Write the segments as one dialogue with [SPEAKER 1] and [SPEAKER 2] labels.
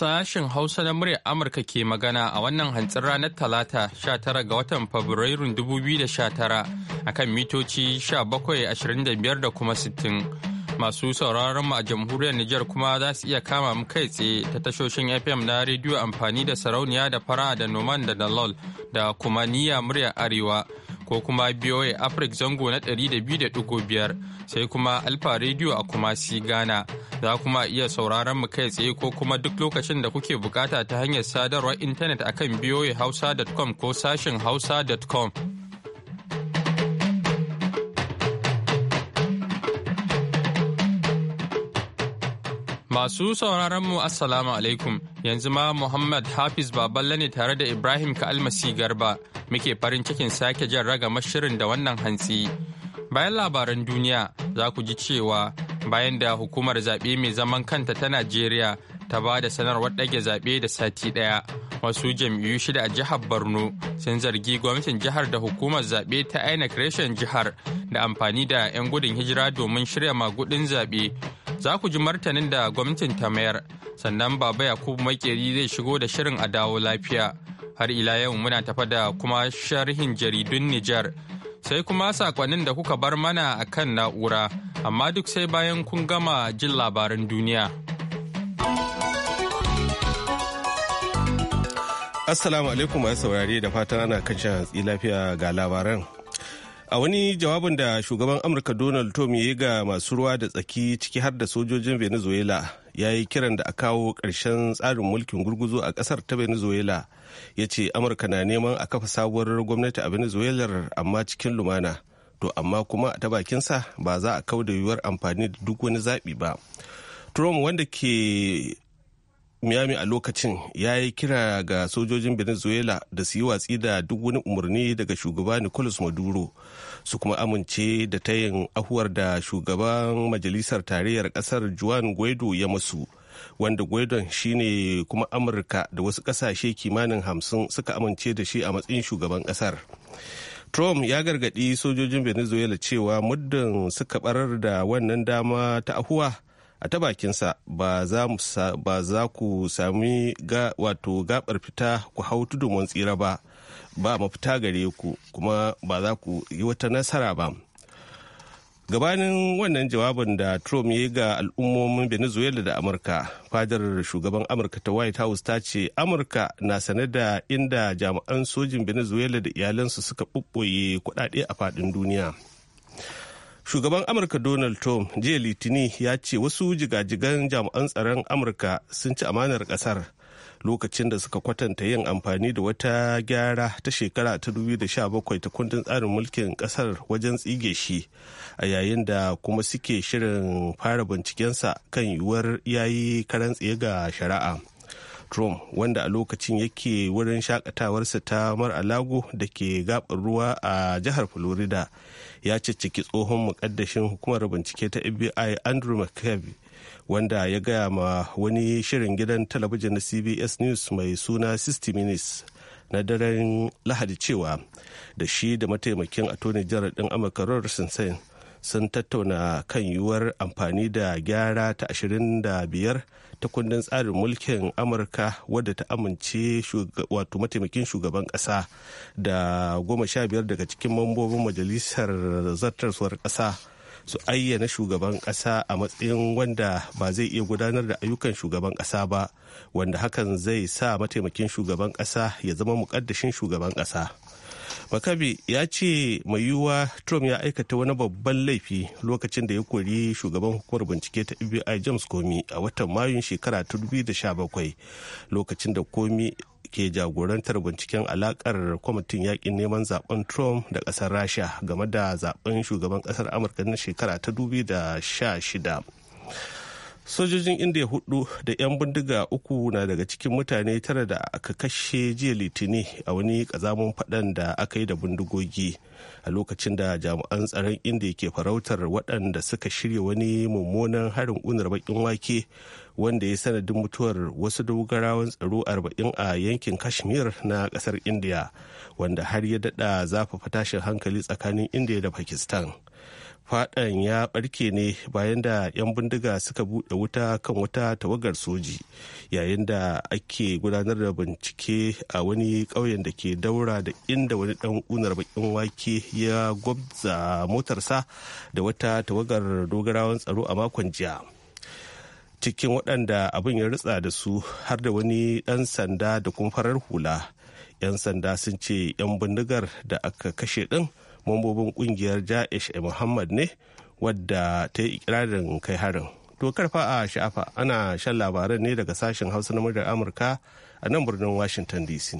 [SPEAKER 1] sashen Hausa na murya Amurka ke magana a wannan hantsin ranar Talata 19 ga watan Fabrairun 2019 akan mitoci 1725 da kuma 60. Masu sauraron mu a jamhuriyar Nijar kuma za su iya kama mu kai tsaye ta tashoshin FM na rediyo amfani da sarauniya da fara da noman da dalol da kuma niyya muryar Arewa. ko kuma BOA Africa zango na 200.5 sai kuma Alfa Radio a Kumasi Ghana. Za kuma iya sauraron mu kai tsaye ko kuma duk lokacin da kuke bukata ta hanyar sadarwar intanet akan hausa.com ko sashin hausa.com. Masu sauraron mu Assalamu alaikum yanzu ma Muhammad Hafiz Baballe ne tare da Ibrahim Ka'almasi Garba muke farin cikin sake jan ragamar shirin da wannan hantsi. Bayan labaran duniya za ku ji cewa bayan da hukumar zaɓe mai zaman kanta ta Najeriya ta ba da sanarwar ɗage zaɓe da sati ɗaya. Wasu jam'iyyu shida a jihar Borno sun zargi gwamnatin jihar da hukumar zaɓe ta INEC reshen jihar da amfani da 'yan gudun hijira domin shirya magudin zaɓe. za ku ji martanin da gwamnatin ta mayar sannan baba yakubu makeri zai shigo da shirin a dawo lafiya har ila yau muna tafa da kuma sharhin jaridun nijar sai kuma sakonnin da kuka bar mana a kan na'ura amma duk sai bayan kun gama jin labaran duniya assalamu
[SPEAKER 2] alaikum masu saurare da fatan ana kan shan hatsi lafiya ga labaran a wani jawabin da shugaban amurka donald trump ya yi ga masu ruwa da tsaki ciki har da sojojin venezuela ya yi kiran da a kawo ƙarshen tsarin mulkin gurguzu a ƙasar ta venezuela ya ce amurka na neman a kafa sabuwar gwamnati a venezuela amma cikin lumana to amma kuma ta bakinsa ba za a kau da yiwuwar amfani da duk wani zaɓi ba trump wanda ke miami a lokacin ya yi kira ga sojojin venezuela da su yi watsi da duk wani umarni daga shugaba nicolas maduro su kuma amince da tayin ahuwar da shugaban majalisar tarayyar kasar juan guaido ya masu wanda gwaidon shine kuma amurka da wasu kasashe kimanin hamsin suka amince da shi a matsayin shugaban kasar Trump ya gargadi sojojin Venezuela cewa muddin suka barar da wannan dama ta ahuwa a ta bakinsa ba za ku sami wato gabar fita ku hau tudun tsira ba ba mafita gare ku kuma ba za ku yi wata nasara ba gabanin wannan jawabin da trump ya yi ga al'ummomin venezuela da amurka fadar shugaban amurka ta white house ta ce amurka na sane da inda jami'an sojin venezuela da iyalansu suka ɓuɓɓoye kuɗaɗe a faɗin duniya shugaban amurka donald trump jiya litini ya ce wasu jigajigan jami'an tsaron amurka sun ci amanar kasar lokacin da suka kwatanta yin amfani da wata gyara ta shekara ta 2017 ta kundin tsarin mulkin kasar wajen tsige shi a yayin da kuma suke shirin fara bincikensa kan yiwuwar yayi karan tsaye ga shari'a trump wanda a lokacin yake wurin shakatawarsa ta mar alago da ke gabar ruwa a jihar florida ya cicciki tsohon mukaddashin hukumar bincike ta fbi andrew mccabe wanda ya gaya ma wani shirin gidan talabijin na cbs news mai suna 60 minutes na daren lahadi cewa da shi da mataimakin attorney general din amurka rod sun tattauna kan yiwuwar amfani da gyara ta 25 ta kundin tsarin mulkin amurka wadda ta amince wato mataimakin shugaban kasa da goma sha biyar daga cikin mambobin majalisar zartarsuwar kasa su ayyana shugaban kasa a matsayin wanda ba zai iya gudanar da ayyukan shugaban kasa ba wanda hakan zai sa mataimakin shugaban kasa ya zama mukaddashin shugaban kasa. makabe ya ce mai yiwuwa trump ya aikata wani babban laifi lokacin da ya kori shugaban hukumar bincike ta fbi james komi a watan mayun shekara ta 2017 lokacin da komi ke jagorantar binciken alakar kwamitin yakin neman zaben trump da kasar rasha game da zaben shugaban kasar amurka na shekara ta da 2016 sojojin india hudu da 'yan bindiga uku na daga cikin mutane tara da aka kashe jiya litini a wani kazamun fadan da aka yi da bindigogi a lokacin da jami'an tsaron india ke farautar waɗanda suka shirya wani mummunan harin unar bakin wake wanda ya sanadin mutuwar wasu dogarawan tsaro 40 a yankin kashmir na ƙasar india wanda har ya daɗa zafafa tashin hankali tsakanin india da pakistan faɗan ya ɓarke ne bayan da 'yan bindiga suka buɗe wuta kan wata tawagar soji yayin da ake gudanar da bincike a wani ƙauyen da ke daura da inda wani ɗan unar bakin wake ya gwabza motarsa da wata tawagar dogarawan tsaro a makon jiya cikin waɗanda abin ya ritsa da su har da wani ɗan sanda da kuma farar hula 'yan sanda sun ce 'yan bindigar da aka kashe ɗin mambobin kungiyar ja'ish muhammad ne wadda ta yi ikirarin kai harin to karfa a sha'afa ana shan labaran ne daga sashen hausa na muryar amurka a nan birnin washington dc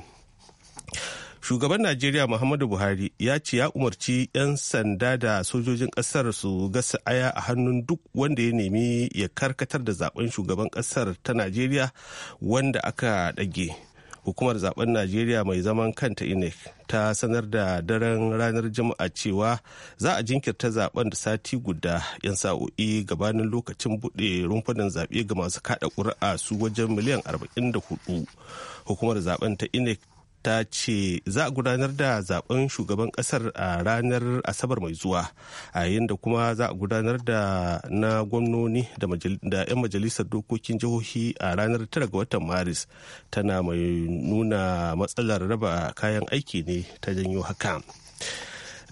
[SPEAKER 2] shugaban najeriya muhammadu buhari ya ce ya umarci 'yan sanda da sojojin kasar su gasa aya a hannun duk wanda ya nemi ya karkatar da zaben shugaban kasar ta najeriya wanda aka dage. hukumar zaben najeriya mai zaman kanta inec ta sanar da daren ranar juma'a cewa za a jinkirta zaben da sati guda yan sa'o'i gabanin lokacin buɗe rumfunan zaɓe ga masu kaɗa ƙuri'a su wajen miliyan 44 hukumar zaben ta inec ta ce za a gudanar da zaben shugaban kasar a ranar asabar mai zuwa a yayin da kuma za a gudanar da na gwamnoni da 'yan majalisar dokokin jihohi a ranar 9 ga watan maris tana mai nuna matsalar raba kayan aiki ne ta janyo haka.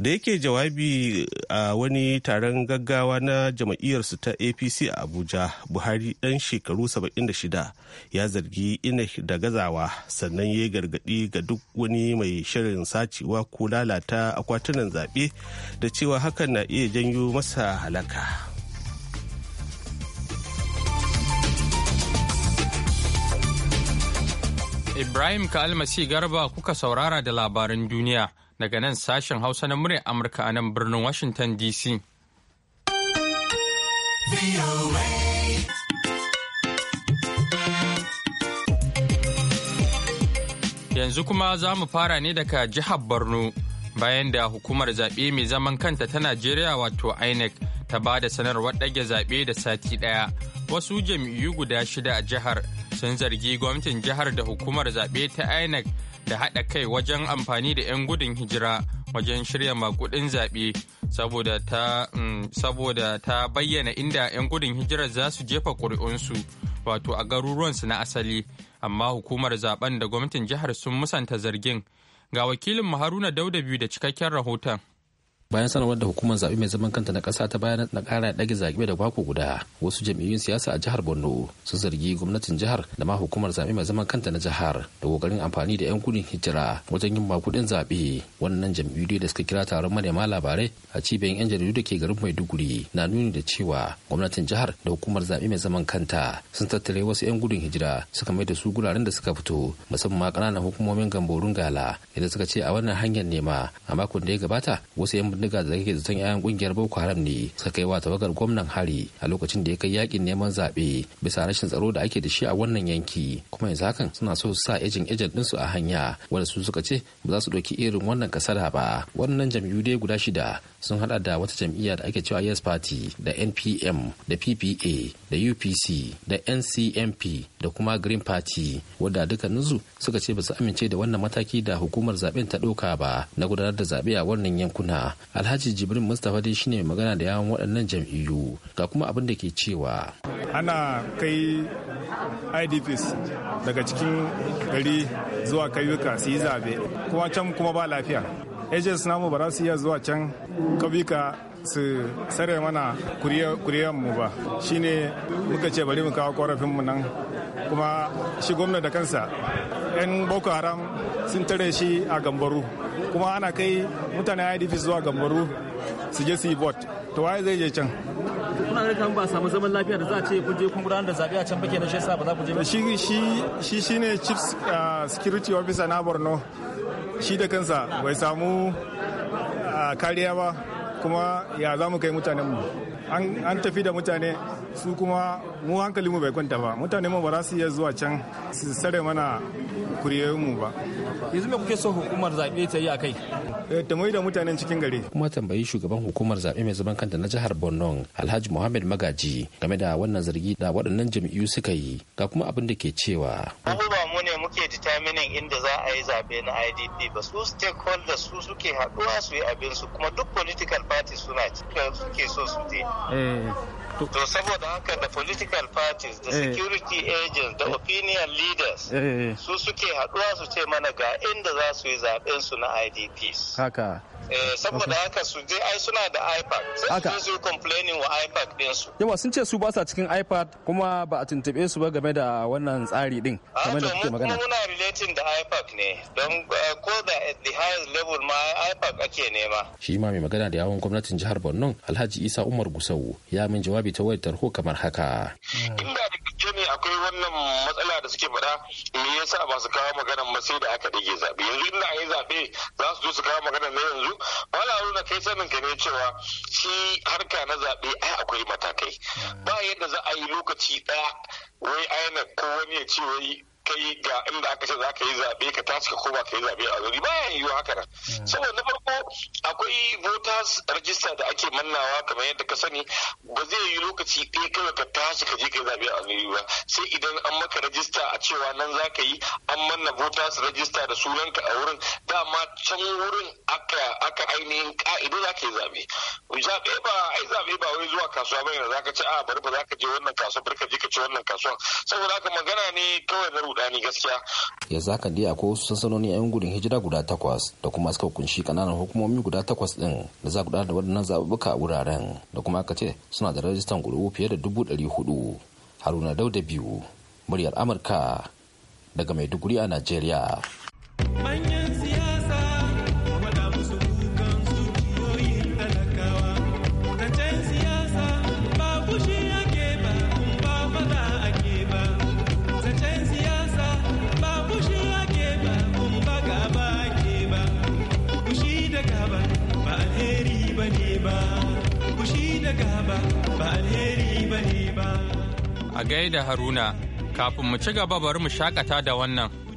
[SPEAKER 2] da yake jawabi a wani taron gaggawa na jam'iyyarsu ta apc a abuja buhari dan shekaru 76 ya zargi ina da gazawa sannan ya gargadi ga duk wani mai shirin sacewa ko lalata akwatunan zaɓe da cewa hakan na iya janyo masa halaka
[SPEAKER 1] Ibrahim Kalmasi Garba kuka saurara da labaran duniya daga nan sashen Hausa na muryar Amurka a nan birnin Washington DC. Yanzu kuma za mu fara ne daga jihar Borno bayan da hukumar zaɓe mai zaman kanta ta Najeriya wato INEC ta ba da sanarwar ɗage zaɓe da sati ɗaya. Wasu jam'iyyu guda shida a jihar sun zargi gwamnatin jihar da hukumar zaɓe ta INEC da haɗa kai wajen amfani da 'yan gudun hijira wajen shirya makudin zaɓe mm, saboda ta bayyana inda 'yan gudun hijira za su jefa ƙuri'unsu wato a garuruwansu na asali amma hukumar zaben da gwamnatin jihar sun musanta zargin ga wakilin haruna dauda biyu da cikakken rahoton
[SPEAKER 3] bayan sanarwar da hukumar zaɓe mai zaman kanta na ƙasa ta bayan na ƙara ɗage zaɓe da mako guda wasu jam'iyyun siyasa a jihar borno sun zargi gwamnatin jihar da ma hukumar zaɓe mai zaman kanta na jihar da ƙoƙarin amfani da 'yan gudun hijira wajen yin makuɗin zaɓe wannan jam'iyyu da suka kira taron manema labarai a cibiyar 'yan jaridu da ke garin maiduguri na nuni da cewa gwamnatin jihar da hukumar zaɓe mai zaman kanta sun tattare wasu 'yan gudun hijira suka mai da su guraren da suka fito musamman ma ƙananan hukumomin gamborun gala idan suka ce a wannan hanyar nema a makon da ya gabata wasu 'yan bindiga da ke zaton 'ya'yan kungiyar boko haram ne suka kai wa tawagar gwamnan hari a lokacin da ya kai yakin neman zaɓe bisa rashin tsaro da ake da shi a wannan yanki kuma yanzu hakan suna so su sa ejin ejin su a hanya wanda su suka ce ba za su ɗauki irin wannan kasara ba wannan jam'iyyu dai guda shida sun haɗa da wata jam'iyya da ake cewa yes party da npm da ppa da upc da ncmp da kuma green party wadda dukkaninsu suka ce ba su amince da wannan mataki da hukumar zaben ta ɗauka ba na gudanar da zaɓe a wannan yankuna alhaji jibrin mustapha dai shine magana da yawon waɗannan jam'iyyu ga kuma abin da ke cewa
[SPEAKER 4] ana kai idps daga cikin gari zuwa kayuka su yi zabe
[SPEAKER 2] kuma can kuma ba lafiya agents namu ba za su iya zuwa can kauyuka su sare mana mu ba shine muka ce bari mu kawo mu nan kuma shi gwamna da kansa 'yan boko haram sun tare shi a gambaru kuma ana kai mutane idp zuwa gambaru su je su yi vote to waye zai je can
[SPEAKER 3] kuna da kan ba samu zaman lafiya da za a ce kun je kun gudanar da zabe a can bake na shi yasa ba za ku je ba shi shi shi shine chief uh, security officer na Borno
[SPEAKER 2] shi da kansa bai samu uh, kariya ba kuma ya za mu kai mu. an tafi da mutane su kuma mu hankali mu bai kwanta ba mutane mu ba su iya zuwa can su sare mana mu ba yanzu me kuke so hukumar zabe ta yi a kai eh, ta mai da mutanen cikin gari
[SPEAKER 3] kuma tambayi shugaban hukumar zabe mai zaman kanta na jihar Borno Alhaji Muhammad Magaji game da wannan zargi da waɗannan jam'iyyu suka yi ga kuma abin da ke cewa
[SPEAKER 4] mu ne muke determining inda za a yi zaɓe na IDP ba su stakeholders su suke haɗuwa su yi abin su kuma duk political
[SPEAKER 5] party suna cikin suke so su je
[SPEAKER 4] to saboda haka da political
[SPEAKER 2] parties da eh. security agents da eh.
[SPEAKER 1] opinion leaders eh, su suke haduwa su ce mana ga
[SPEAKER 4] inda za su yi zaben su na idps
[SPEAKER 1] haka saboda haka su je
[SPEAKER 4] ai suna da ipad sai su complaining wa ipad din
[SPEAKER 3] su yawa sun ce su ba sa cikin ipad kuma ba a tuntube su ba game da wannan tsari din ah, kamar da kuke magana muna
[SPEAKER 2] relating da ipad ne don
[SPEAKER 5] ko da at the highest level ma ipad
[SPEAKER 3] ake nema shi ma mai magana da yawon gwamnatin jihar Borno Alhaji Isa Umar Gusau ya min jawabi jawabi ta wayar tarho kamar haka. Inda
[SPEAKER 6] da kike ne akwai wannan matsala da suke faɗa me yasa ba su kawo magana ba sai da aka ɗage zabe yanzu inda a yi zaɓe za su zo su kawo magana ne yanzu wala nuna kai sanin ka ne cewa shi harka na zaɓe ai akwai matakai ba yadda za a yi lokaci ɗaya wai ainihin ko wani ya ce wai kai ga inda aka ce za ka yi zaɓe ka tashi ka koma ka yi zaɓe a zuri ba ya yiwu haka nan hmm. saboda na farko akwai voters register da ake mannawa kamar yadda ka sani ba zai yi lokaci ɗaya kawai ka tashi ka je ka yi zaɓe a zuri ba sai idan an maka register a cewa nan za ka yi an manna voters register da sunanka a wurin dama can wurin aka aka ainihin ka'ida za ka yi zaɓe zaɓe ba zaɓe ba wai zuwa kasuwa bane da zaka ci a ah, bari ba zaka je wannan kasuwa barka
[SPEAKER 3] ka je ka ci wannan kasuwa saboda haka magana ne kawai na rudani gaskiya ya zaka dai akwai wasu sansanoni yan gudun hijira guda takwas da kuma suka kunshi kananan hukumomi guda takwas din da za gudanar da waɗannan zaɓuɓɓuka a wuraren da kuma aka ce suna da rajistan gurbu fiye da dubu ɗari hudu haruna dauda biyu muryar amurka daga maiduguri a najeriya
[SPEAKER 1] da Haruna. Kafin mu ci gaba bari mu shakata da wannan.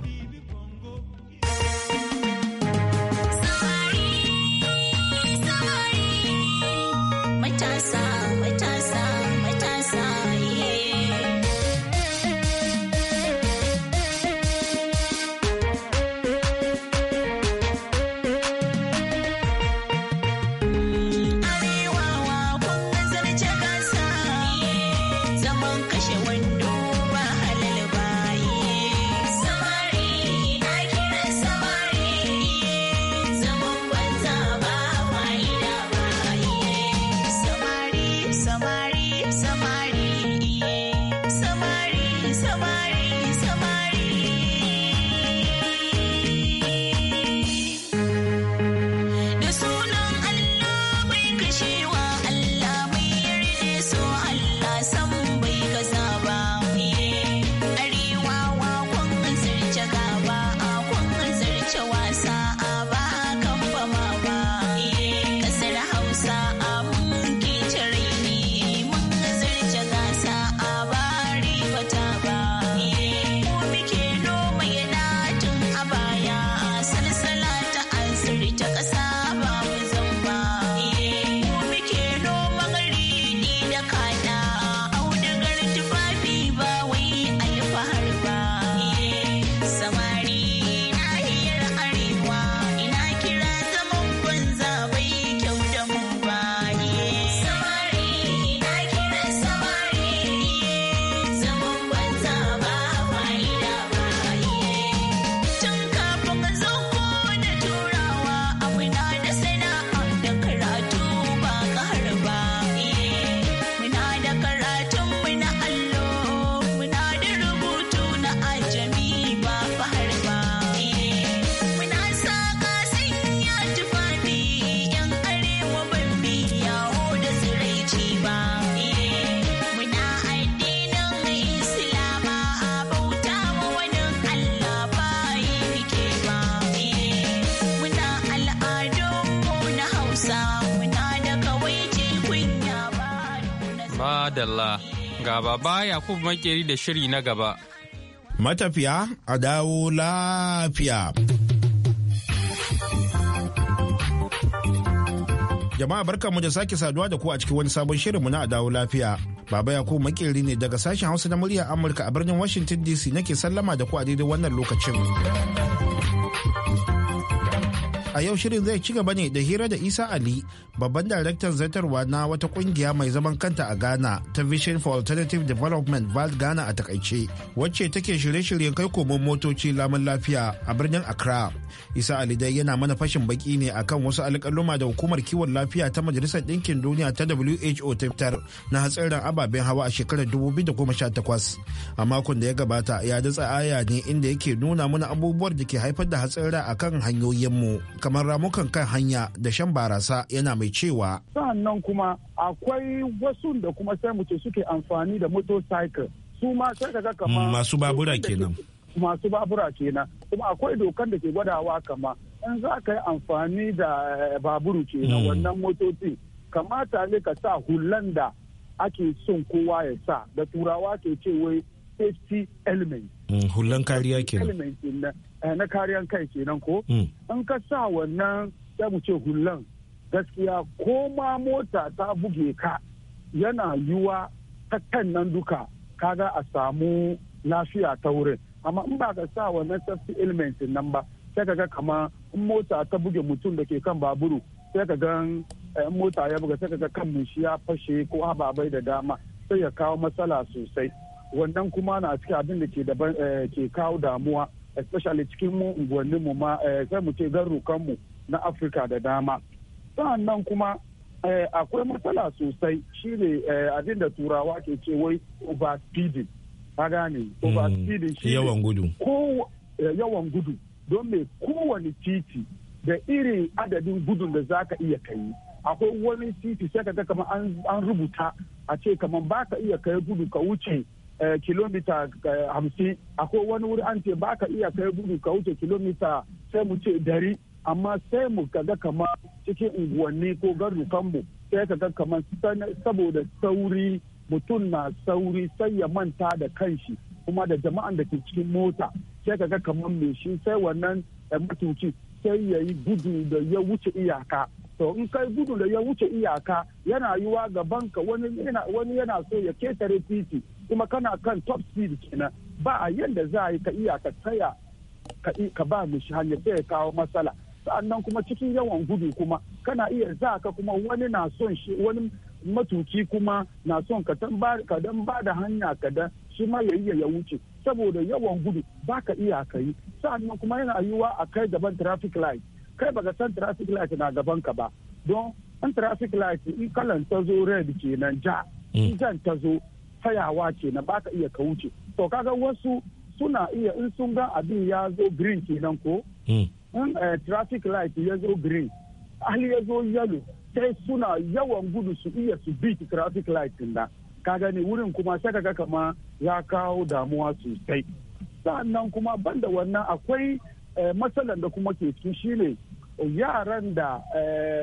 [SPEAKER 1] Adalla ga baba yakub makeri da shiri na gaba
[SPEAKER 4] matafiya a dawo lafiya jama'a barkanmu da sake saduwa da ku a cikin wani sabon shirinmu na dawo lafiya baba yakub makeri ne daga sashen hausa na murya amurka a birnin washington dc nake sallama da ku a daidai wannan lokacin a yau shirin zai ci gaba ne da hira da isa ali babban daraktan zartarwa na wata kungiya mai zaman kanta a ghana ta vision for alternative development vald ghana a takaice wacce take shirye-shiryen kai komon motoci lamun lafiya a birnin accra isa ali dai yana mana fashin baki ne akan wasu alƙaluma da hukumar kiwon lafiya ta majalisar ɗinkin duniya ta who ta fitar na hatsarin ababen hawa a shekarar 2018 a makon da ya gabata ya datsa aya ne inda yake nuna mana abubuwan da ke haifar da hatsara akan hanyoyinmu kamar ramukan kan hanya da shan barasa yana mai cewa.
[SPEAKER 6] Sa'annan kuma akwai wasu da kuma sai mu ce suke amfani da motorcycle su ma sai kaga kamar. Mm, masu
[SPEAKER 4] babura kenan.
[SPEAKER 6] masu babura kenan kuma akwai dokan da ke gwadawa kama in za ka yi amfani da eh, baburu kenan mm. wannan motoci kamata ne ka sa hulan da ake son kowa ya sa da turawa ke ce wai safety element
[SPEAKER 4] mm, hulan kariya kenan
[SPEAKER 6] Eh, na kariyar kai kenan ko an hmm. ka sa wannan sai mu ce hullan gaskiya ko ma mota ta buge ka yana yiwa ta kan nan duka kaga a samu lafiya ta wurin amma in ba ka sa wannan safety element nan ba sai ka ga kama in mota ta buge mutum da ke kan baburu sai ka gan eh, mota ya buga sai ka ga kan shi ya fashe ko ababai da dama sai ya kawo matsala sosai wannan kuma na cikin abin da ke eh, kawo damuwa especially cikin mu unguwannin mu ma eh, sai mu ce garrukan mu na Afirka da dama sa'annan kuma eh, akwai matsala sosai shine eh, abin da turawa ke ce wai overspeeding ka gane mm, overspeeding shi yawan gudu yawan gudu don me kowane titi da irin adadin gudun da za ka iya kai akwai wani titi sai ka ga kamar an rubuta a ce kamar ba ka iya kai gudu ka wuce Eh, kilomita eh, hamsin akwai wani wuri an ce ba ka iya kai gudu ka wuce kilomita sai mu ce dari amma sai mu kaga kama cikin unguwanni ko kambo sai kaga kama saboda sauri mutum na sauri sai ya manta da kanshi kuma da jama'an da ke cikin mota sai kaga kama mai shi sai wannan eh, mutunci sai ya yi gudu da ya wuce iyaka to in kai gudu da ya wuce iyaka yana yiwa gaban ka wani yana so ya ketare titi kuma kana kan top speed kenan ba a yadda za a yi ka iya ka tsaya ka ba mu shi hanyar sai ya kawo matsala sa'annan kuma cikin yawan gudu kuma kana iya za ka kuma wani na son shi wani matuki kuma na son ka dan ba da hanya ka da shi ma ya iya ya wuce saboda yawan gudu ba ka iya ka yi sa'annan kuma yana yiwuwa a kai gaban traffic light kai baka san traffic light na gaban ka ba don an traffic light in kalan ta zo red kenan ja mm. in zan ta zo tsayawa ke na ba ka iya ka wuce to kaga wasu suna iya in sun ga abin ya zo green kenan ko hmm. in eh, traffic light ya zo green hali ya zo yellow sai suna yawan gudu su iya su beat traffic light din da ka gani wurin kuma sai kaga kama ya kawo damuwa sosai sannan kuma banda wannan akwai eh, matsalan da kuma ke ciki shine eh, yaran da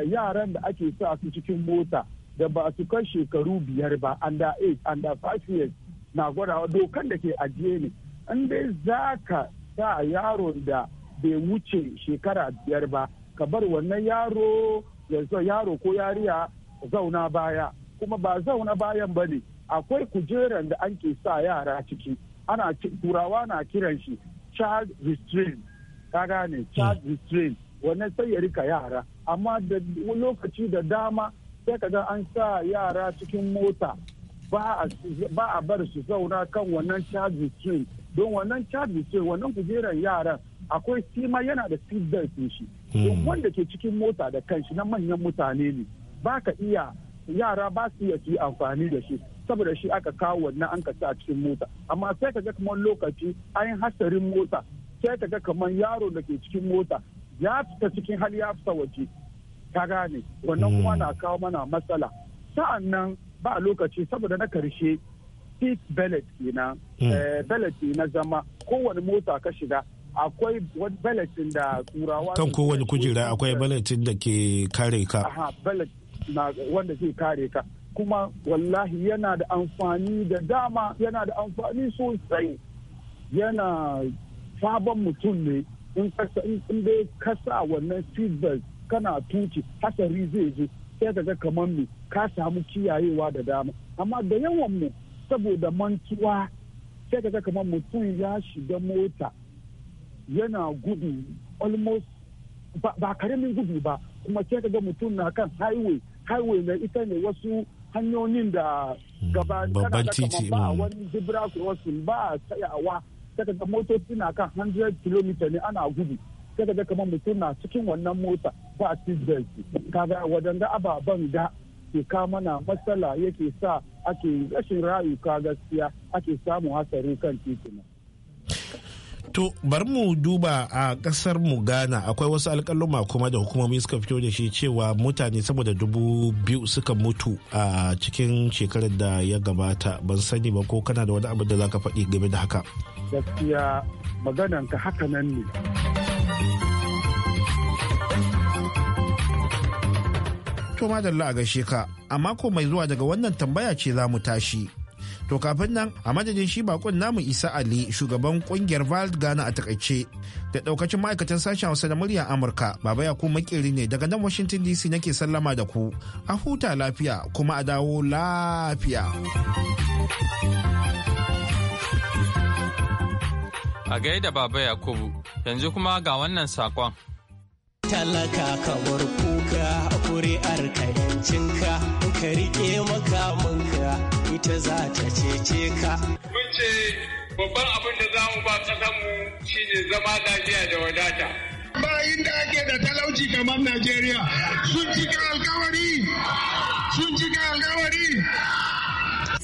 [SPEAKER 6] yaran da ake sa su cikin mota da ba su kai shekaru biyar ba under eight under five years na gwadawa dokan da ke ajiye ne in dai za ka sa yaron da bai wuce shekara biyar ba ka bar wannan yaro ya yaro ko yariya zauna baya kuma ba zauna bayan ba ne akwai kujeran da an ke sa yara ciki ana turawa na kiran shi child restraint ka gane child hmm. restraint wannan sai ya rika yara amma da lokaci da dama sai ka ga an sa yara cikin mota ba a bar su zauna kan wannan caji ce don wannan caji ce wannan kujerar yara akwai sima yana da seat shi don hmm. wanda ke cikin mota da kanshi na manyan mutane ne ba ka iya yara ba su iya su amfani da shi saboda shi aka kawo wannan an kasa a cikin mota amma sai ka ga kamar lokaci an hasarin mota sai ka ga kamar yaro da ke cikin mota ya fita cikin hali ya fita waje ta gane wannan kuma hmm. na kawo mana matsala sa'an nan ba lokaci saboda na karshe seat belt kenan hmm. eh, belt na zama kowane mota ka shiga akwai belt da turawa kan kowane kujera
[SPEAKER 4] akwai belt da ke kare ka
[SPEAKER 6] aha belt na wanda ke kare ka kuma wallahi yana da amfani da dama yana da amfani sosai yana sabon mutum ne in dai kasa wannan belt kana tuki hasari zai je sai ka ga kamar me ka samu kiyayewa da dama amma da yawan mu saboda mantuwa sai ka ga kamar mutum ya shiga mota yana gudu almost ba karamin gudu ba kuma sai ka ga mutum na kan highway highway na ita ne wasu hanyoyin da hmm, gaba babban titi ba hmm. wani zibra crossing ba tsayawa sai ka ga motoci na kan 100 km ne ana gudu sai ka ga kamar mutum na cikin wannan mota sa seatbelt kaga wadanda ababen da ke mana matsala yake sa ake rashin rayuka gaskiya ake samun hasarin kan titina.
[SPEAKER 4] To bari mu duba a kasar mu Ghana akwai wasu alkaluma kuma da hukumomi suka fito da shi cewa mutane sama da dubu biyu suka mutu a cikin shekarar da ya gabata ban sani ba ko kana da wani abu da zaka faɗi game da haka.
[SPEAKER 6] Gaskiya maganan ka haka nan ne
[SPEAKER 4] To madalla a gaishe ka, a mako mai zuwa daga wannan tambaya ce za mu tashi. To kafin nan a madadin shi bakon namu Isa Ali shugaban kungiyar Vald Ghana a takaice da daukacin ma'aikatan sashen Hausa da muryar Amurka Baba Yaku makeri ne daga nan Washington DC nake sallama da ku. A huta lafiya kuma a dawo lafiya.
[SPEAKER 1] A gaida Baba Yakubu yanzu kuma ga wannan sakon.
[SPEAKER 7] kuka ƙuri'ar ka yancinka in ka riƙe makamanka ita za ta cece ka. Mun ce
[SPEAKER 6] babban abin da za mu ba ƙasanmu shine zama lafiya da wadata.
[SPEAKER 7] Bayin da
[SPEAKER 8] ake da talauci kamar Najeriya sun cika alkawari sun cika alkawari.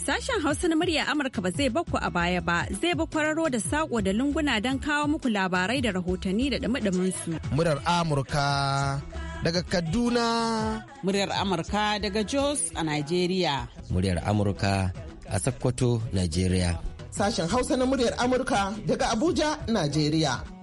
[SPEAKER 8] Sashen Hausa na murya Amurka ba zai bakku a baya ba, zai ba kwararo da sako da lunguna don kawo muku labarai da rahotanni da dumi su.
[SPEAKER 3] Murar
[SPEAKER 7] Amurka daga Kaduna. Muryar Amurka daga Jos a Najeriya. Muryar Amurka a Sokoto, Najeriya. Sashen Hausa na muryar Amurka daga Abuja, Najeriya.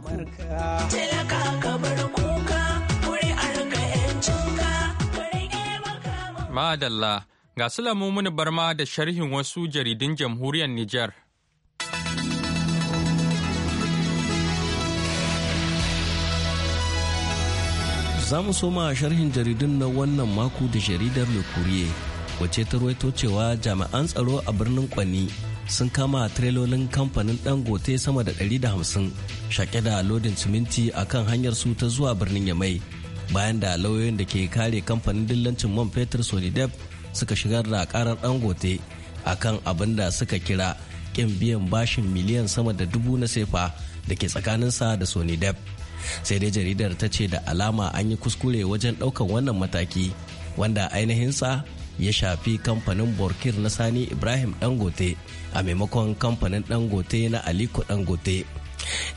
[SPEAKER 8] ku.
[SPEAKER 1] Madalla, ga su muni barma da sharhin wasu jaridun jamhuriyar Nijar.
[SPEAKER 7] Za mu soma sharhin jaridun na wannan mako da jaridar Le wacce ta ruwaito cewa jami'an tsaro a birnin Kwani sun kama trelolin kamfanin dangote sama da 150 shaƙe da lodin siminti a kan hanyar su ta zuwa birnin yamai bayan da lauyoyin da ke kare kamfanin dillancin man fetur solidep suka shigar da karar dangote a kan abin da suka kira kin biyan bashin miliyan sama da dubu na sefa da ke sa da solidep sai dai jaridar ta ce da alama an yi kuskure wajen ɗaukar wannan mataki wanda ainihin sa. ya shafi kamfanin Borkir na Sani Ibrahim Dangote a maimakon kamfanin Dangote na Aliko Dangote.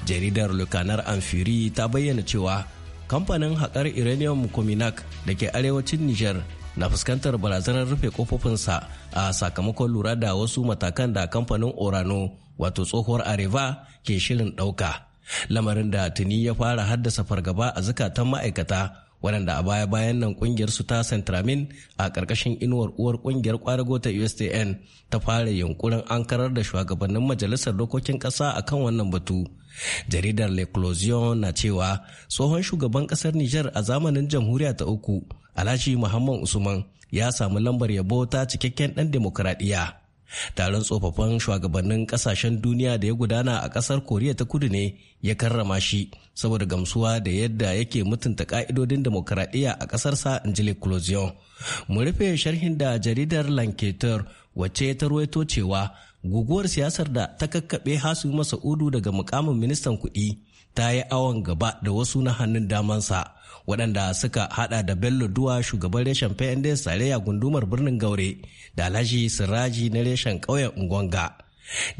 [SPEAKER 7] Jaridar Lukanar Amfiri ta bayyana cewa kamfanin haƙar Iranium kominak da ke arewacin niger na fuskantar barazanar rufe kofofinsa a sakamakon lura da wasu matakan da kamfanin orano wato tsohuwar areva ke shirin ɗauka lamarin da tuni ya fara haddasa fargaba a zukatan ma'aikata waɗanda a baya-bayan nan ƙungiyar su ta Centramin a ƙarƙashin inuwar uwar ƙungiyar ƙwarago ta USTN ta fara yunkurin ankarar da shugabannin majalisar dokokin ƙasa kan wannan batu. Jaridar L'Eclosion na cewa tsohon shugaban ƙasar Nijar a zamanin jamhuriya ta uku Alhaji Muhammad Usman ya samu lambar yabo ta cikakken ɗan demokuraɗiyya. taron tsofaffin shugabannin kasashen duniya da ya gudana a kasar koriya ta kudu ne ya karrama shi saboda gamsuwa da yadda yake mutunta ka'idodin demokaradiyya a kasarsa angelic clozion mu rufe sharhin da jaridar lanketer wacce ta ruwaito cewa guguwar siyasar da ta kakkaɓe hasu udu daga mukamin ministan kuɗi ta yi awon gaba da wasu na hannun damansa waɗanda suka hada da bello duwa shugaban reshen sare a gundumar birnin gaure da alhaji siraji na reshen ƙauyen ungwanga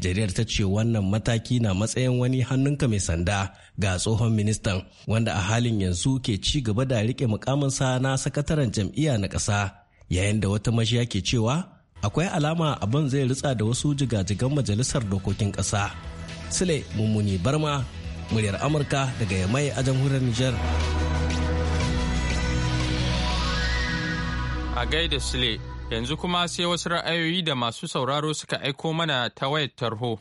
[SPEAKER 7] jaridar ta ce wannan mataki na matsayin wani hannunka mai sanda ga tsohon ministan wanda a halin yanzu ke ci gaba da rike mukaminsa na sakataren jam'iyya na ƙasa yayin da wata mashiya ke cewa akwai alama abin zai ritsa da wasu jigajigan majalisar dokokin ƙasa sule mummuni barma muryar amurka daga yamai a jamhuriyar niger
[SPEAKER 1] a gaida sile yanzu kuma sai wasu ra'ayoyi da masu sauraro suka aiko mana ta wayar tarho.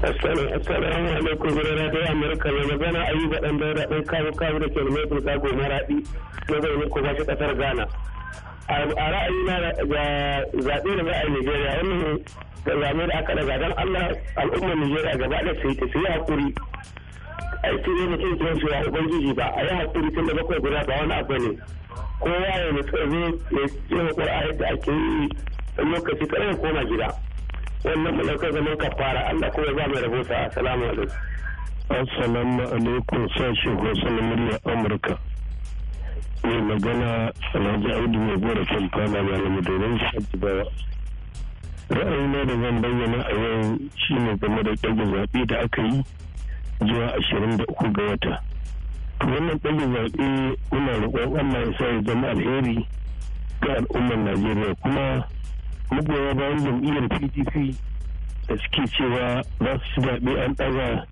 [SPEAKER 5] Assalamu alaikum gudu na dai Amurka mai magana ayyuka ɗan daura ɗan kawo kawo da ke mai tulka goma raɗi na zai ku ba shi ƙasar Ghana. a ra'ayina ga zaɓe da ra'ayi Najeriya wannan zame da aka daga don Allah al'ummar Najeriya gaba da su yi haƙuri. Aiki ne mutum kiran su ya Ubangiji ba a yi haƙuri tun da bakwai guda ba wani abu ne. Kowa ya zai ya yi ko a yadda ake yi lokaci kada ya koma gida. Wannan mulakar zaman kafara Allah kuma za mu rabo sa. salamu alaikum. Assalamu alaikum sashi Hausa na murya Amurka. mai magana alhaji audu mai gora kan kwana malamu domin shaji bawa ra'ayina da zan bayyana a yau shine game da ɗage zaɓe da aka yi zuwa ashirin da uku ga wata to wannan ɗage zaɓe muna roƙon allah ya sa ya zama alheri ga al'ummar najeriya kuma magoya bayan jam'iyyar pdp da suke cewa za su ci zaɓe an ɗaga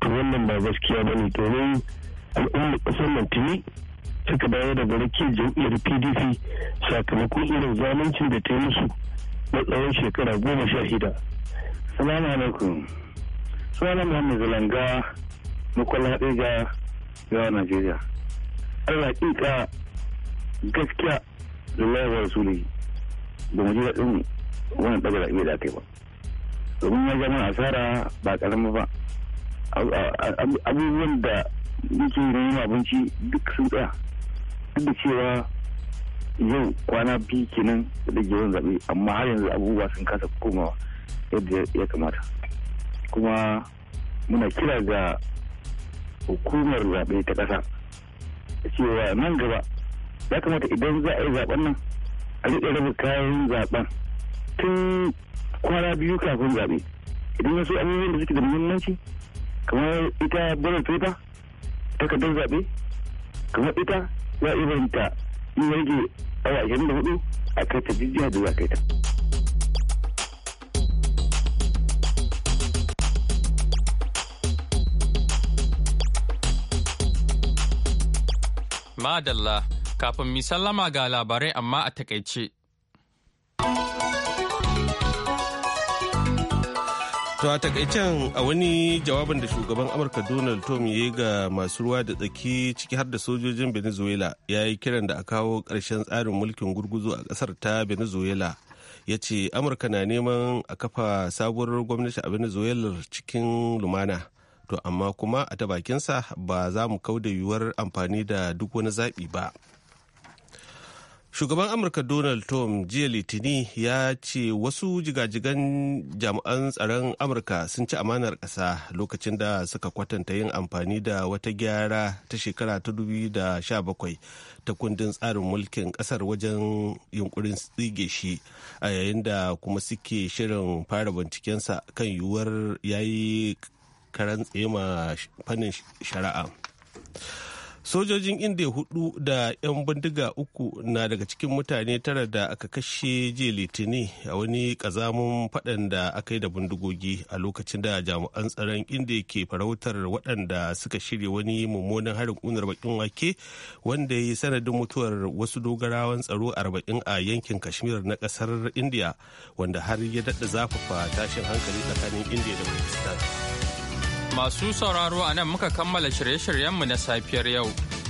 [SPEAKER 5] to wannan ba gaskiya ba ne domin al'ummar ƙasar nan tuni suka bayar da barakin jam'iyyar pdp sakamakon irin zaluncin da ta yi musu na tsawon shekara goma sha shida. salamu alaikum suna muhammad zalanga haɗe ga yawa najeriya allah ƙiƙa gaskiya da lawar su ne ba mu ji daɗin wani ɗaga da aka yi ba domin ya zama asara ba ƙarama ba abubuwan da muke neman abinci duk sun tsaya duk da cewa yau kwana biyu kenan da yawan zaɓe amma har yanzu abubuwa sun kasa komawa yadda ya kamata kuma muna kira ga hukumar zaɓe ta ƙasa cewa nan gaba ya kamata idan za a yi zaɓen nan a riƙe rabu kayan zaɓen tun kwana biyu kafin zaɓe idan wasu abubuwan da suke da muhimmanci kamar ita ballot paper takardar zaɓe kamar ita za ta in rage awa da hudu a kai ta jijiya da za kai ta.
[SPEAKER 1] Madalla, kafin mi sallama ga labarai amma a takaice.
[SPEAKER 2] To a takaicen a wani jawabin da shugaban Amurka Donald Trump ya yi ga masu ruwa da tsaki ciki har da sojojin Venezuela ya yi kiran da a kawo ƙarshen tsarin mulkin gurguzu a ƙasar ta Venezuela. Ya ce Amurka na neman a kafa sabuwar gwamnati a Venezuela cikin lumana. To amma kuma a ta bakinsa ba za mu kau da yiwuwar amfani da duk wani zaɓi ba. shugaban amurka donald trump jiya litini ya ce wasu jigajigan jami'an tsaron amurka sun ci amanar ƙasa lokacin da suka kwatanta yin amfani da wata gyara ta shekara ta 2017 ta kundin tsarin mulkin ƙasar wajen yunkurin tsige shi a yayin da kuma suke shirin fara bincikensa kan yiwuwar yayi karan tsema fannin shari'a sojojin india hudu da 'yan bindiga uku na daga cikin mutane tara da aka kashe jiya litini a wani kazamun fadan da aka yi da bindigogi a lokacin da jami'an tsaron india ke farautar waɗanda suka shirya wani mummunan harin unar bakin wake wanda ya yi sanadin mutuwar wasu dogarawan tsaro arba'in a yankin kashmir na kasar india wanda har ya daɗa zafafa tashin hankali tsakanin india da pakistan
[SPEAKER 1] Masu sauraro a nan muka kammala shirye-shiryenmu na safiyar yau,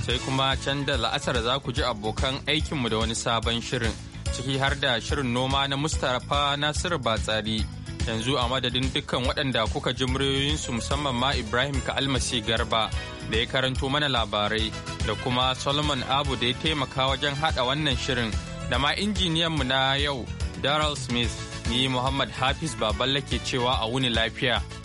[SPEAKER 1] sai kuma can da la'asar za ku ji abokan aikinmu da wani sabon shirin, ciki har da shirin noma na Mustapha Nasiru Batsari. Yanzu a madadin dukkan waɗanda kuka ji muryoyinsu musamman ma Ibrahim ka almasi Garba da ya karanto mana labarai da kuma Solomon Abu da ya taimaka wajen haɗa wannan shirin da ma injiniyanmu na yau Daryl Smith ni Muhammad Hafiz Baballe ke cewa a wuni lafiya.